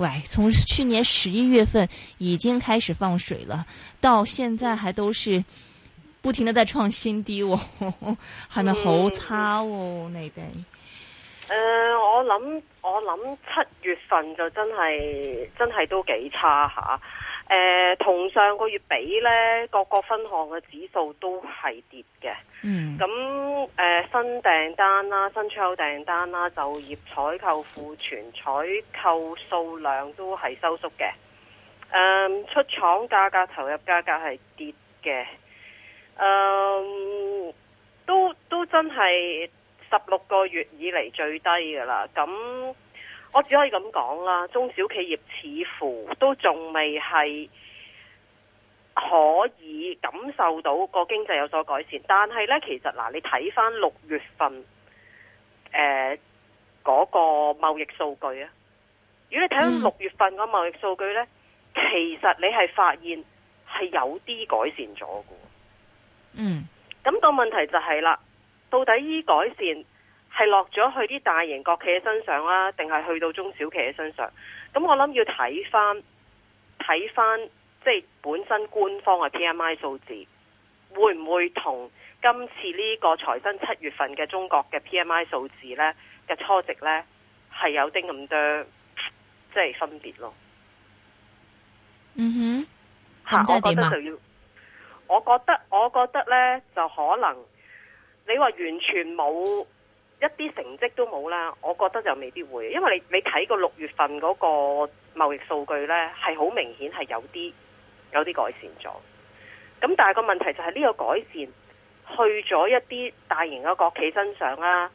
喂，從去年十一月份已經開始放水了，到現在還都是不停的在創新低、哦呵呵還沒，我我係咪好差？你哋？誒，我諗我諗七月份就真係真係都幾差吓。誒、呃，同上個月比呢，各個分項嘅指數都係跌嘅。咁誒、嗯呃，新訂單啦、新出口訂單啦、就業、採購庫存、採購數量都係收縮嘅，嗯。出廠價格、投入價格係跌嘅，嗯。都都真係十六個月以嚟最低噶啦。咁。我只可以咁講啦，中小企業似乎都仲未係可以感受到個經濟有所改善，但係呢，其實嗱，你睇翻六月份嗰、呃嗰個貿易數據啊，如果你睇翻六月份個貿易數據呢，嗯、其實你係發現係有啲改善咗嘅。嗯，咁個問題就係、是、啦，到底呢改善？係落咗去啲大型國企嘅身上啦，定係去到中小企嘅身上？咁我諗要睇翻，睇翻即係本身官方嘅 P M I 數字，會唔會同今次呢個財新七月份嘅中國嘅 P M I 數字呢嘅初值呢係有啲咁多即係分別咯？嗯哼，咁即係點啊？我覺得就要。我覺得，我覺得呢就可能你話完全冇。一啲成績都冇啦，我覺得就未必會，因為你你睇個六月份嗰個貿易數據呢，係好明顯係有啲有啲改善咗。咁但係個問題就係呢個改善去咗一啲大型嘅國企身上啦，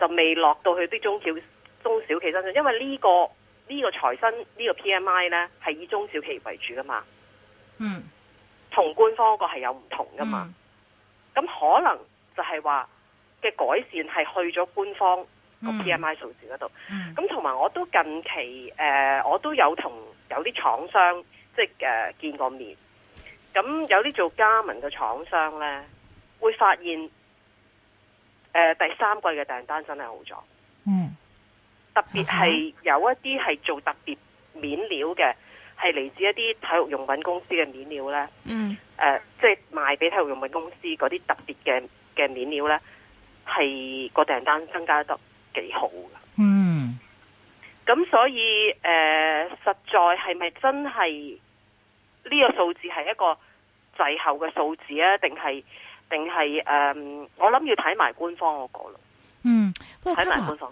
就未落到去啲中小中小企身上，因為呢個呢個財新呢個 P M I 呢，係以中小企業為主噶嘛。嗯，同官方嗰個係有唔同噶嘛。咁、嗯、可能就係話。嘅改善係去咗官方個 PMI 數字嗰度，咁同埋我都近期誒、呃，我都有同有啲廠商即係誒見過面，咁有啲做加盟嘅廠商咧，會發現誒、呃、第三季嘅訂單真係好咗，嗯，特別係有一啲係做特別面料嘅，係嚟、嗯、自一啲體育用品公司嘅面料咧，嗯，誒即係賣俾體育用品公司嗰啲特別嘅嘅面料咧。係個訂單增加得幾好嘅，嗯，咁所以誒、呃、實在係咪真係呢個數字係一個滯後嘅數字呀，定係定係誒？我諗要睇埋官方嗰個咯。嗯，不過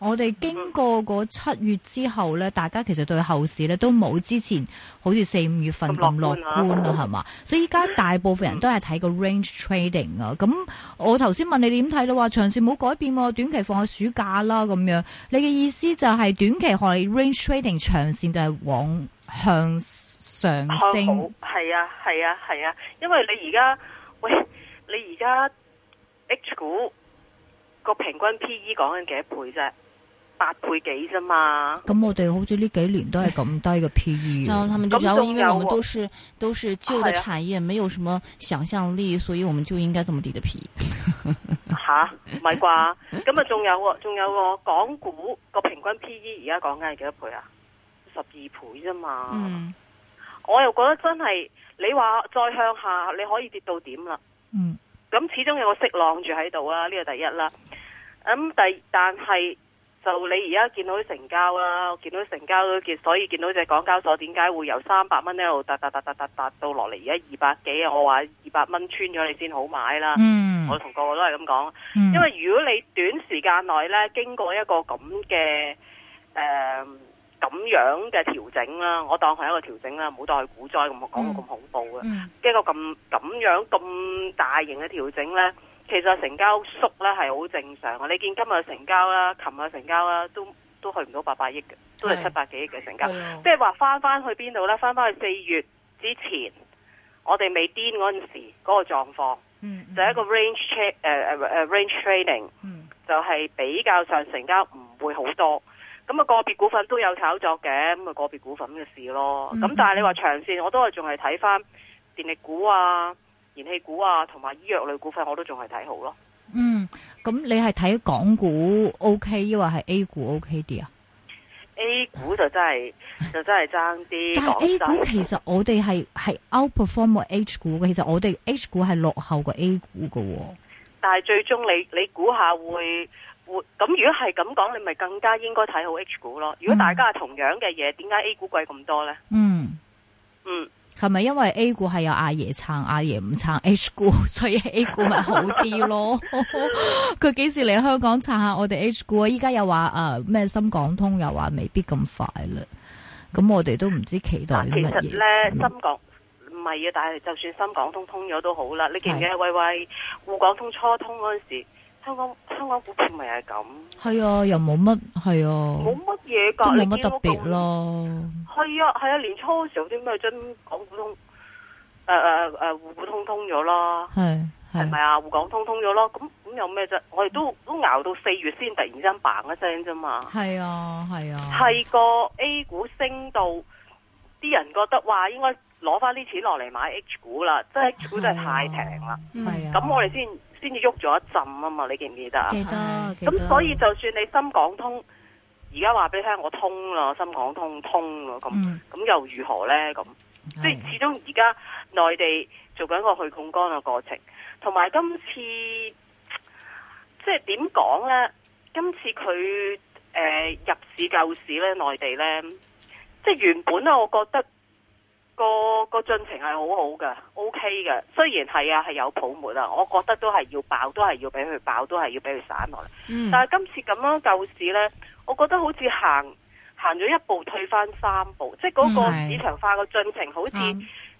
我哋經過嗰七月之後咧，嗯、大家其實對後市咧都冇之前好似四五月份咁樂觀啦，係嘛、啊？吧嗯、所以依家大部分人都係睇個 range trading 啊。咁我頭先問你點睇到話長線冇改變，短期放喺暑假啦咁樣。你嘅意思就係短期係 range trading，長線就係往向上升？係啊，係啊，係啊，因為你而家喂，你而家 H 股。個平均 P E 講緊幾多倍啫？八倍幾啫嘛？咁、嗯、我哋好似呢幾年都係咁低嘅 P E。就咁，然後他們因為我們，都是、嗯啊、都是舊嘅產業，啊、沒有什麼想象力，所以我們就應該這麼低嘅 P E。吓， 唔係啩？咁啊，仲有喎，仲有喎。港股個平均 P E 而家講緊係幾多倍啊？十二倍啫嘛。我又覺得真係，你話再向下，你可以跌到點啦？嗯。咁始終有個色浪住喺度啦，呢個第一啦。咁、嗯、第但係就你而家見到啲成交啦，我見到啲成交都見，所以見到隻港交所點解會由三百蚊一路達達達達達到落嚟而家二百幾？我話二百蚊穿咗你先好買啦。嗯，我同個個都係咁講。因為如果你短時間內呢經過一個咁嘅誒。呃咁樣嘅調整啦，我當係一個調整啦，唔好當佢股災咁講到咁恐怖嘅，經過咁咁樣咁大型嘅調整呢，其實成交縮呢係好正常。你見今日成交啦，琴日成交啦，都都去唔到八百億嘅，都係七百幾億嘅成交。即係話翻翻去邊度、嗯、呢？翻翻去四月之前，我哋未癲嗰陣時嗰個狀況，嗯嗯、就一個 range check、uh, uh, uh, range trading，、嗯、就係比較上成交唔會好多。咁啊，個別股份都有炒作嘅，咁啊個別股份嘅事咯。咁、嗯、但係你話長線，我都係仲係睇翻電力股啊、燃氣股啊，同埋醫藥類股份，我都仲係睇好咯。嗯，咁你係睇港股 OK，抑或係 A 股 OK 啲啊？A 股就真係就真係爭啲，但係 A 股其實我哋係係 outperform 過 H 股嘅，其實我哋 H 股係落後過 A 股嘅。但係最終你你估下會？咁如果係咁講，你咪更加應該睇好 H 股咯。如果大家係同樣嘅嘢，點解、嗯、A 股貴咁多呢？嗯嗯，係咪、嗯、因為 A 股係有阿爺撐，阿爺唔撐 H 股，所以 A 股咪好啲咯？佢幾 時嚟香港撐下我哋 H 股啊？依家又話咩、呃、深港通又話未必咁快啦。咁我哋都唔知期待啲乜嘢。其實咧深港唔係啊，但係就算深港通通咗都好啦。你記唔記得喂喂滬港通初通嗰陣時？香港香港股票咪係咁？係 啊，又冇乜係啊，冇乜嘢噶，都冇乜特別咯。係啊係啊，年初嘅時候啲咩真港股通，誒誒誒，互、啊啊啊、互通通咗啦。係係咪啊？啊是是滬港通通咗咯。咁咁、嗯、有咩啫？我哋都都熬到四月先突然間嘭一聲啫嘛。係啊係啊，係、啊、個 A 股升到，啲人覺得話應該攞返啲錢落嚟買 H 股啦，即係 H 股真係太平啦。啊。咁我哋先。先至喐咗一陣啊嘛，你記唔記得啊？記得，記得。咁所以就算你深港通，而家話俾你聽，我通啦，深港通通啦，咁咁又如何咧？咁即係始終而家內地做緊一個去槓桿嘅過程，同埋今次即係點講咧？今次佢誒、呃、入市救市咧，內地咧，即係原本咧，我覺得。個個進程係好好嘅，OK 嘅。雖然係啊，係有泡沫啊，我覺得都係要爆，都係要俾佢爆，都係要俾佢散落嚟。嗯、但係今次咁樣救市呢，我覺得好似行行咗一步退翻三步，即係嗰個市場化個進程好似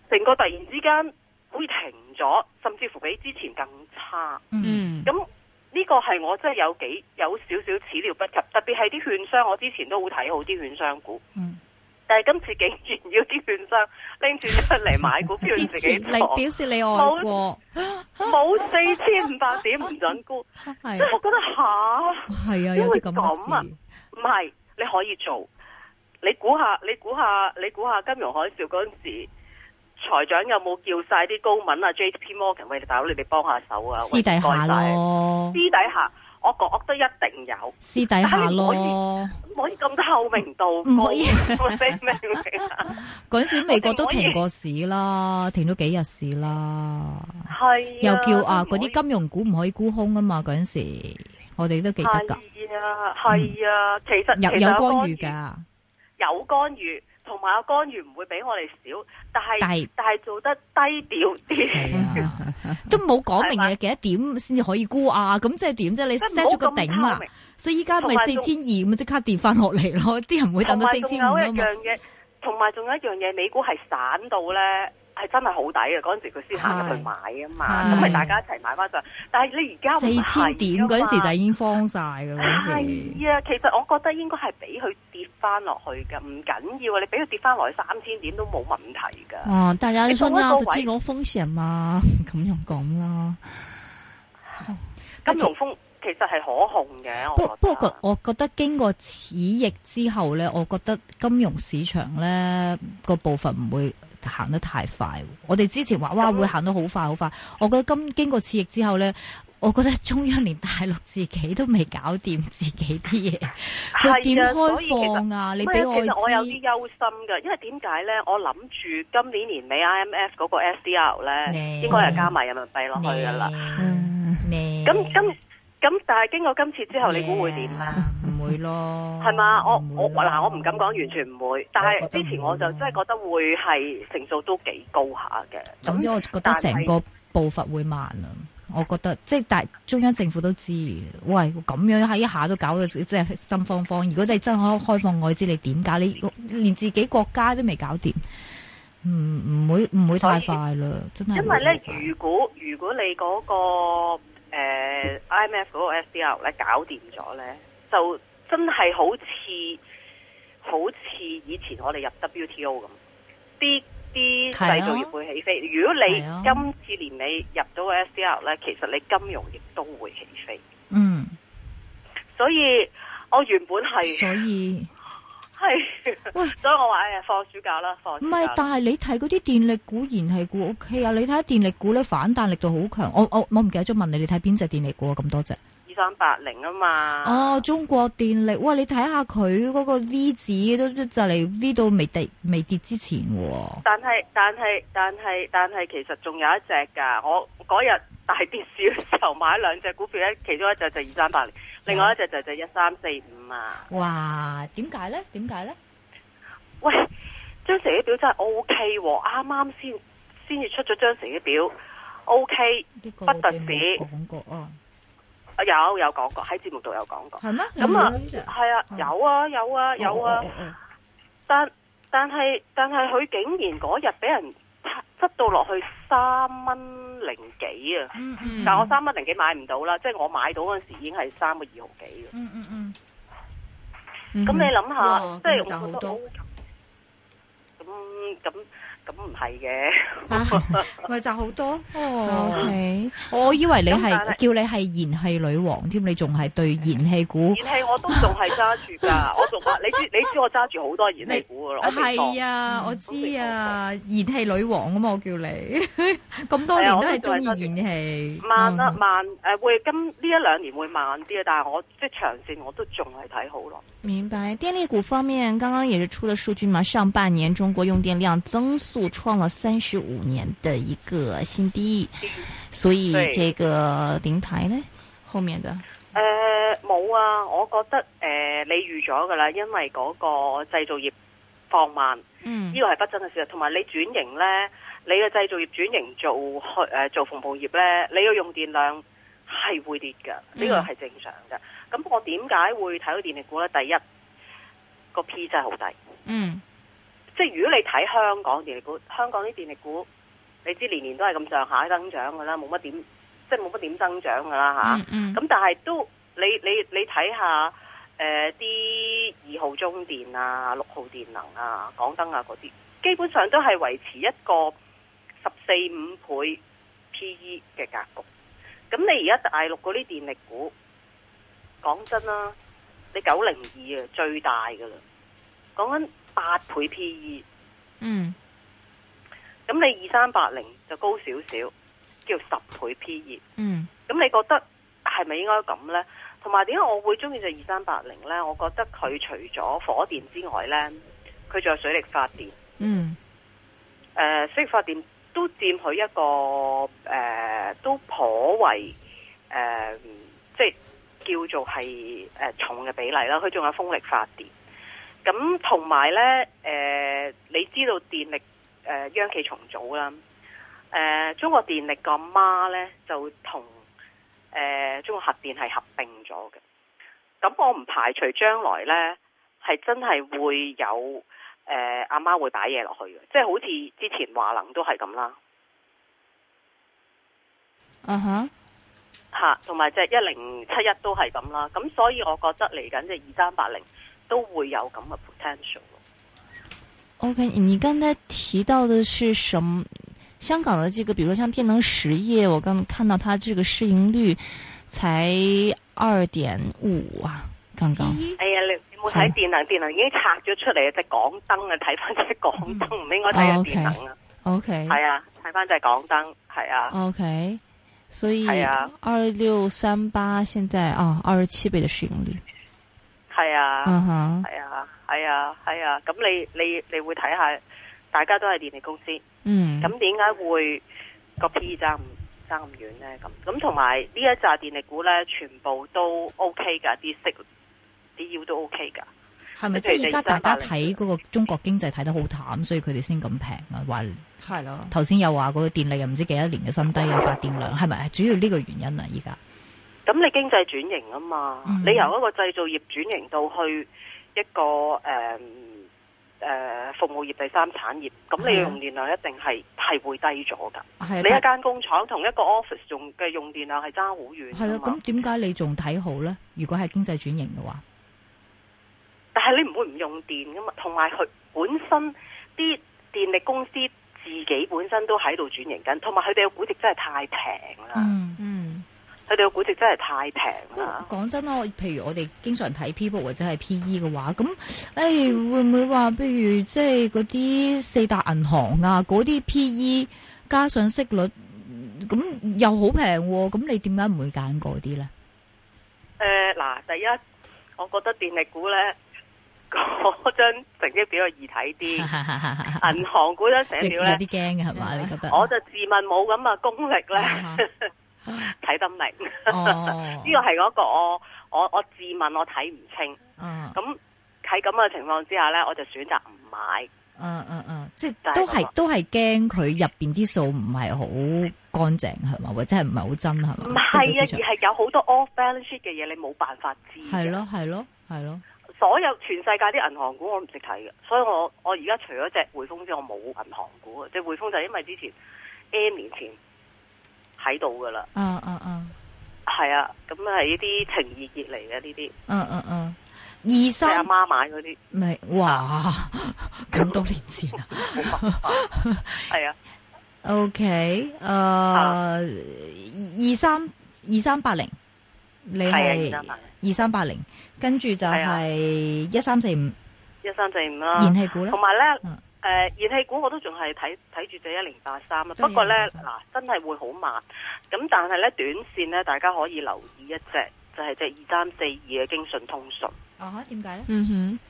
成個突然之間好似停咗，甚至乎比之前更差。嗯，咁呢個係我真係有幾有少少始料不及，特別係啲券商，我之前都會睇好啲券商股。嗯但係今次竟然要啲券商拎住出嚟買股票，自己 次次你表示你愛過，冇四千五百點唔准沽，即係我覺得吓，係啊，有啲咁嘅事，因為咁啊，唔係你可以做，你估下，你估下，你估下，金融海嘯嗰陣時，財長有冇叫晒啲高盛啊 JP Morgan 喂大佬你哋幫下手啊，私底下咯，私底下。我覺得一定有私底下咯，唔可以咁多透明度，唔可以。嗰陣時美國都停過市啦，停咗幾日市啦。係。又叫啊，嗰啲金融股唔可以沽空啊嘛！嗰陣時我哋都記得㗎。係啊，係啊，其實其實有干預㗎，有干預。同埋阿干預唔會比我哋少，但係低但係做得低調啲、 啊，都冇講明嘅幾吧多點先至可以沽啊？咁即係點啫？你 set 咗個頂啦、啊，所以依家咪四千二咁即刻跌翻落嚟咯，啲人唔會等到四千五啊嘛，同埋仲有一樣嘢，同埋仲有一樣嘢，美股係散到咧。係真係好抵啊，嗰陣時佢先行入去買啊嘛，咁咪大家一齊買翻上。但係你而家四千點嗰陣時就已經慌晒噶啦，啊。其實我覺得應該係俾佢跌翻落去嘅，唔緊要啊。要你俾佢跌翻落去三千點都冇問題噶。哦，但係你從我就知攞風險啊，咁樣講啦。金融風其實係可控嘅不，不不過我我覺得經過此役之後咧，我覺得金融市場咧個部分唔會。行得太快，我哋之前話哇會行得好快好快，我覺得今經過刺役之後咧，我覺得中央連大陸自己都未搞掂自己啲嘢，佢點的開放啊？你俾我我有啲憂心嘅，因為點解咧？我諗住今年年尾 IMF 嗰個 SDR 咧，應該係加埋人民幣落去噶啦。咁今、嗯嗯嗯咁但係經過今次之後，yeah, 你估會點咧？唔會咯，係嘛？ 我我嗱，我唔敢講完全唔會，但係之前我就真係覺得會係成數都幾高下嘅。總之，我覺得成個步伐會慢啊。是我覺得即係但係中央政府都知，喂咁樣喺一下都搞到即係心慌慌。如果你真係開放外資，你點搞？你連自己國家都未搞掂，唔唔會唔會太快啦，以真係。因為咧，如果如果你嗰、嗰個。.誒，IMF 嗰個 SDR 咧，搞掂咗咧，就真係好似好似以前我哋入 W T O 咁，啲啲製造業會起飛。啊、如果你今次年尾入到個 SDR 咧，啊、其實你金融亦都會起飛。嗯，所以我原本係所以。係，喂所以我話誒，放暑假啦，放唔係？但係你睇嗰啲電力股，然係股 OK 啊！你睇下電力股咧，反彈力度好強。我我我唔記得咗問你，你睇邊隻電力股啊？咁多隻。三八零啊嘛！哦，中國電力，哇！你睇下佢嗰個 V 字都就嚟 V 到未跌未跌之前嘅，啊。但係但係但係但係，其實仲有一隻噶。我嗰日大跌市嘅時候買兩隻股票咧，其中一隻就二三八零，另外一隻就就一三四五啊。哇！點解呢？點解呢？喂，張成嘅表真係 O K 喎，啱啱先先至出咗張成嘅表，OK，不特止。冇感覺啊！有有講過喺節目度有講過，係咩？咁啊，係啊，有啊，有啊，有啊。但但係但係佢竟然嗰日俾人執到落去三蚊零幾啊！但係我三蚊零幾買唔到啦，即係我買到嗰陣時已經係三個二毫幾嘅。嗯嗯嗯。咁你諗下，即係我覺得好。咁咁。咁唔係嘅，咪賺好多。O K，我以為你係叫你係燃氣女王添，你仲係對燃氣股？燃氣我都仲係揸住噶，我仲話你知，你知我揸住好多燃氣股噶咯。係啊，我知啊，燃氣女王啊嘛。我叫你，咁多年都係中意燃氣。慢啊慢，誒會今呢一兩年會慢啲啊，但係我即係長線我都仲係睇好咯。明白。電力股方面，剛剛也是出咗數據嘛，上半年中國用電量增。創了三十五年的一個新低，所以這個零台呢，對後面的，誒冇、呃、啊，我覺得誒、呃、你預咗噶啦，因為嗰個製造業放慢，嗯，呢個係不爭嘅事實，同埋你轉型呢，你嘅製造業轉型做去誒、呃、做服務業呢，你嘅用電量係會跌嘅，呢、嗯、個係正常嘅。咁我點解會睇到電力股呢？第一個 P 真係好低，嗯。即係如果你睇香港電力股，香港啲電力股，你知年年都係咁、啊、上下增長噶啦，冇乜點，即係冇乜點增長噶啦吓。咁、嗯、但係都你你你睇下誒，啲、呃、二號中電啊、六號電能啊、港燈啊嗰啲，基本上都係維持一個十四五倍 P E 嘅格局。咁你而家大陸嗰啲電力股，講真啦，你九零二啊最大噶啦，講緊。八倍 P/E，嗯，咁你二三八零就高少少，叫十倍 P/E，嗯，咁、mm. 你覺得係咪應該咁呢？同埋點解我會中意就二三八零呢？我覺得佢除咗火電之外呢，佢仲有水力發電，嗯、mm. 呃，誒，水力發電都佔佢一個誒、呃，都頗為誒、呃，即係叫做係誒、呃、重嘅比例啦。佢仲有風力發電。咁同埋呢，誒，你知道電力誒央企重組啦，誒，中國電力個媽呢就同誒中國核電係合併咗嘅。咁我唔排除將來呢係真係會有誒阿媽會擺嘢落去嘅，即係好似之前華能都係咁啦。嗯哼，吓，同埋即係一零七一都係咁啦。咁所以我覺得嚟緊即係二三八零。都會有咁嘅 potential。OK，你剛才提到的是什麼？香港的這個，比如說像電能實業，我剛看到它這個市盈率，才二點五啊，剛剛。哎呀，你冇睇電能，好電能已經拆咗出嚟啊，即係港燈啊，睇翻即係港燈，唔、嗯、應該睇緊電能、啊 okay, okay, 啊。OK，係啊，睇翻即係港燈，係啊。OK，所以二六三八現在啊，二十七倍的市盈率。係啊，係、uh huh. 啊，係啊，係啊，咁你你你會睇下，大家都係電力公司，咁點解會個 P 爭唔爭咁遠咧？咁咁同埋呢一扎電力股咧，全部都 OK 噶，啲息啲 U 都 OK 噶，係咪？即係而家大家睇嗰個中國經濟睇得好淡，所以佢哋先咁平啊？話係咯，頭先的又話個電力又唔知幾多年嘅新低有發電量係咪？是不是主要呢個原因啊，依家。咁你經濟轉型啊嘛，嗯、你由一個製造業轉型到去一個誒誒、呃呃、服務業第三產業，咁你用電量一定係係的會低咗噶。的你一間工廠同一個 office 用嘅，用電量係差好遠嘛。係啊，咁點解你仲睇好咧？如果係經濟轉型嘅話，但係你唔會唔用電噶嘛，同埋佢本身啲電力公司自己本身都喺度轉型緊，同埋佢哋嘅估值真係太平啦。嗯嗯佢哋嘅估值真係太平啦！講真啦，譬如我哋經常睇 P/B 或者係 P/E 嘅話，咁誒會唔會話，譬如即係嗰啲四大銀行啊，嗰啲 P/E 加上息率，咁又好平，啊，咁你點解唔會揀嗰啲咧？誒，呃，嗱，第一，我覺得電力股咧嗰張成績比較易睇啲，銀 行股都寫少咧， 有啲驚嘅係嘛？你覺得？我就自問冇咁嘅功力咧。 睇得明，呢個係嗰個我我我自問我睇唔清，咁喺咁嘅情況之下呢，我就選擇唔買。嗯嗯嗯，即係都係都係驚佢入邊啲數唔係好乾淨係嘛，或者係唔係好真係嘛？唔係啊，是而係有好多 off balance 嘅嘢，你冇辦法知道。係咯係咯係咯，所有全世界啲銀行股我唔識睇嘅，所以我我而家除咗隻匯豐之外，我冇銀行股啊。即係匯豐就係因為之前 N 年前。睇到噶啦，嗯嗯嗯，係啊，咁係一啲情意結嚟嘅呢啲，嗯嗯嗯，二三阿媽買啲，唔係，哇，咁多年前啊，係 煩 啊，OK，誒、uh, 啊，二三二三八零，你係二三八零，跟住就係一三四五，一三四五啦，燃氣股咧，同埋咧。誒，燃氣、呃、股我都仲係睇睇住隻一零八三啦，83，不過咧嗱的、啊，真係會好慢。咁但係咧短線咧，大家可以留意一隻，就係隻二三四二嘅京信通訊。啊點解咧？呢嗯哼。誒、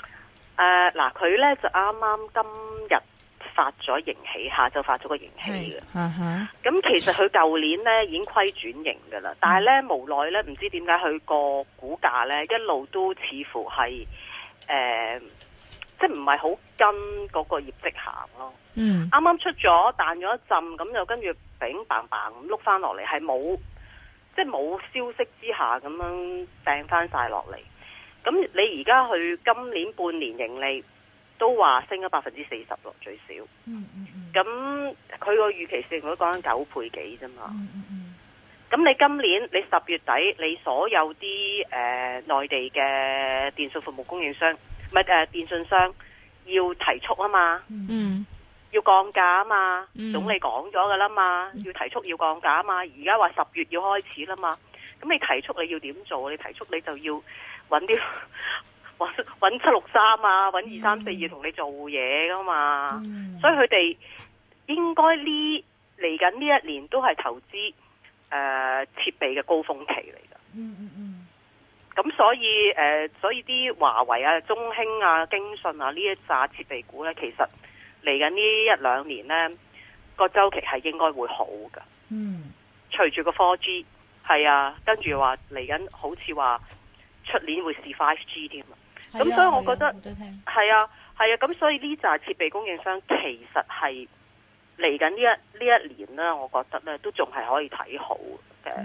呃，嗱，佢咧就啱啱今日發咗盈喜，下晝發咗個的盈喜。嘅。嗯哼。咁其實佢舊年咧已經虧轉型噶啦，但係咧無奈咧唔知點解佢個股價咧一路都似乎係誒、呃，即係唔係好。跟嗰個業績行咯，剛剛了了，啱啱出咗彈咗一陣，咁就跟住餅棒棒碌翻落嚟，係冇即係冇消息之下咁樣掟翻晒落嚟。咁你而家去今年半年盈利都話升咗百分之四十咯，最少。咁佢個預期性會講緊九倍幾啫嘛。咁你今年你十月底你所有啲誒內地嘅電信服務供應商，唔係誒電信商。要提速啊嘛，嗯，要降價啊嘛，總理講咗噶啦嘛，嗯、要提速要降價啊嘛，而家話十月要開始啦嘛，咁你提速你要點做？你提速你就要揾啲揾七六三啊，揾二三四二同你做嘢噶嘛。嗯、所以佢哋應該呢嚟，緊呢一年都係投資誒設備嘅高峰期嚟噶。嗯嗯咁所以誒、呃，所以啲華為啊、中興啊、京信啊呢一扎設備股咧，其實嚟緊呢一兩年咧個周期係應該會好噶。嗯，隨住個 4G 係啊，跟住話嚟緊，好似話出年會試 5G 添啊。咁所以我覺得係啊，係啊，咁、啊啊、所以呢扎設備供應商其實係嚟緊呢一呢一年咧，我覺得咧都仲係可以睇好。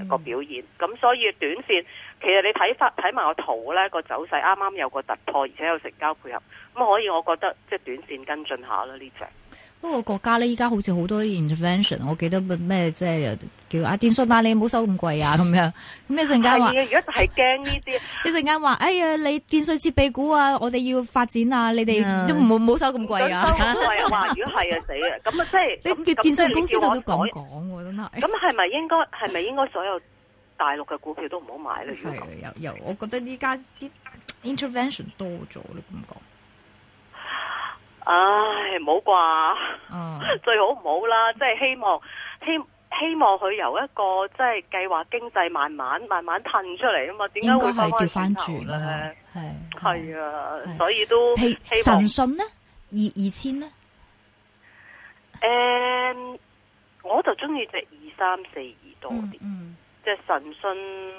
個、嗯、表現咁，所以短線其實你睇翻睇埋個圖呢，個走勢啱啱有個突破，而且有成交配合，咁可以我覺得即係、就是、短線跟進下啦呢隻。這個不過國家咧，依家好似好多 intervention，我記得咩即係叫阿電信，啊你唔好收咁貴啊，咁樣。咩陣間話？如果係驚呢啲，一陣間話，哎呀，你電信設備股啊，我哋要發展啊，你哋都唔好冇收咁貴啊。收咁貴啊！話如果係啊，死啊！咁啊，即係。你叫電信公司度都講講喎，真係。咁係咪應該係咪應該所有大陸嘅股票都唔好買呢？係啊，又又，我覺得依家啲 intervention 多咗，你咁講。唉，唔好啩，最好唔好啦，嗯、即係希望希希望佢由一個即係計劃經濟慢慢慢慢褪出嚟啊嘛，點解會掉翻轉咧？係係啊，所以都希望神信呢二二千咧，誒、嗯，我就中意隻二三四二多啲，嗯嗯、即係神信，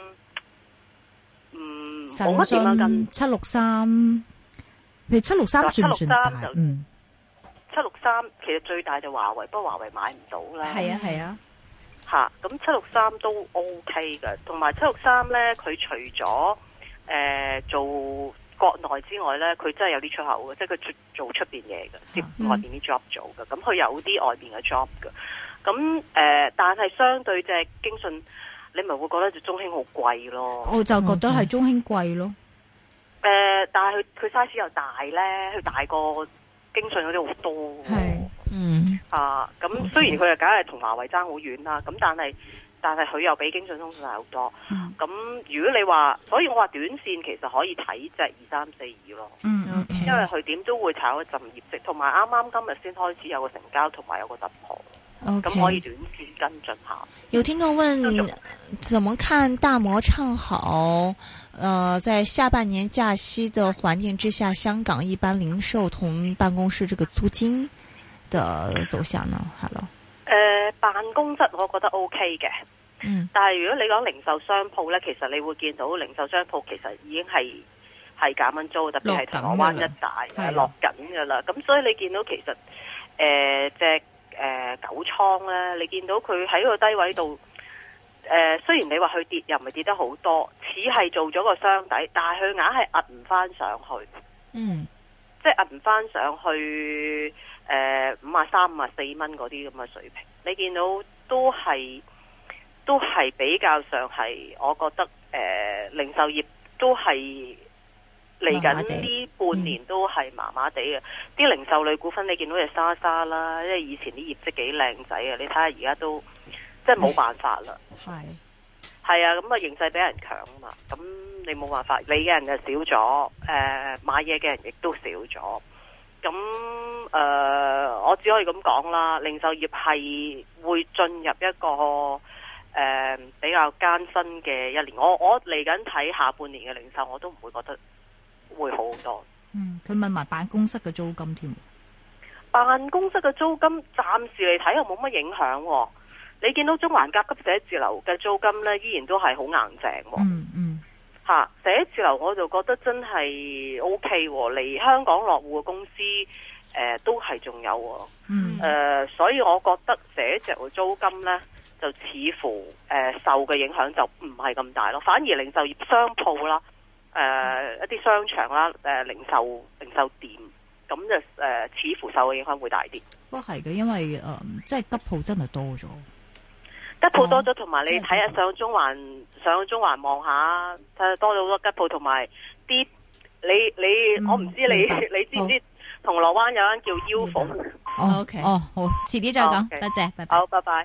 嗯，神信七六三。七六三七六三，七六三其實最大就華為，不過華為買唔到啦。係啊係啊，吓咁七六三都 OK 噶，同埋七六三咧，佢除咗誒、呃、做國內之外咧，佢真係有啲出口嘅，即係佢做出邊嘢嘅，接、啊、外邊啲 job 做嘅。咁佢、嗯、有啲外邊嘅 job 嘅。咁誒、呃，但係相對隻、就是、京信，你咪會覺得就中興好貴咯？貴咯。我就覺得係中興貴咯。誒、呃，但係佢佢 size 又大咧，佢大過京信嗰啲好多。喎、嗯。嗯啊，咁雖然佢又梗係同華為爭好遠啦，咁但係但係佢又比京信通訊大好多。咁如果你話，所以我話短線其實可以睇只二三四二咯。嗯，okay. 因為佢點都會炒一陣業績，同埋啱啱今日先開始有個成交，同埋有個突破。咁 Okay, 可以短線跟進下。有聽眾問，怎麼看大摩唱好？呃，在下半年假期的環境之下，香港一般零售同辦公室這個租金的走向呢？Hello。誒、呃，辦公室我覺得 OK 嘅。嗯。但係如果你講零售商鋪呢，其實你會見到零售商鋪其實已經係係減溫租，特別係銅鑼灣一帶係的落緊噶啦。咁所以你見到其實誒只。呃誒、呃，九倉咧，你見到佢喺個低位度，誒、呃，雖然你話佢跌又唔係跌得好多，似係做咗個箱底，但係佢硬係壓唔翻上去，嗯，即係壓唔翻上去，誒、呃，五啊三五啊四蚊嗰啲咁嘅水平，你見到都係都係比較上係，我覺得誒、呃，零售業都係。嚟緊呢半年都係麻麻地嘅，啲、嗯嗯、零售類股份你見到隻莎莎啦，因為以前啲業績幾靚仔嘅，你睇下而家都即係冇辦法啦。係係啊，咁啊形勢比人強啊嘛，咁你冇辦法，你嘅人就少咗，誒、呃、買嘢嘅人亦都少咗。咁誒、呃，我只可以咁講啦，零售業係會進入一個誒、呃、比較艱辛嘅一年。我我嚟緊睇下半年嘅零售，我都唔會覺得。會好好多。嗯，佢問埋辦公室嘅租金添。辦公室嘅租金暫時嚟睇又冇乜影響、哦。你見到中環甲級寫字樓嘅租金呢，依然都係好硬淨、哦嗯。嗯嗯。吓、啊，寫字樓我就覺得真係 O K。嚟香港落戶嘅公司，呃、都係仲有、哦。嗯。誒、呃，所以我覺得寫字樓嘅租金呢，就似乎、呃、受嘅影響就唔係咁大咯，反而零售業商鋪啦。誒，一啲商場啦，誒，零售零售店，咁就誒，似乎受嘅影響會大啲。都係嘅，因為誒，即係吉鋪真係多咗，吉鋪多咗，同埋你睇下上中環，上中環望下，睇下多咗好多吉鋪，同埋啲你你，我唔知你你知唔知銅鑼灣有間叫 UFO？OK，哦，好，遲啲再講，多謝，好，拜拜。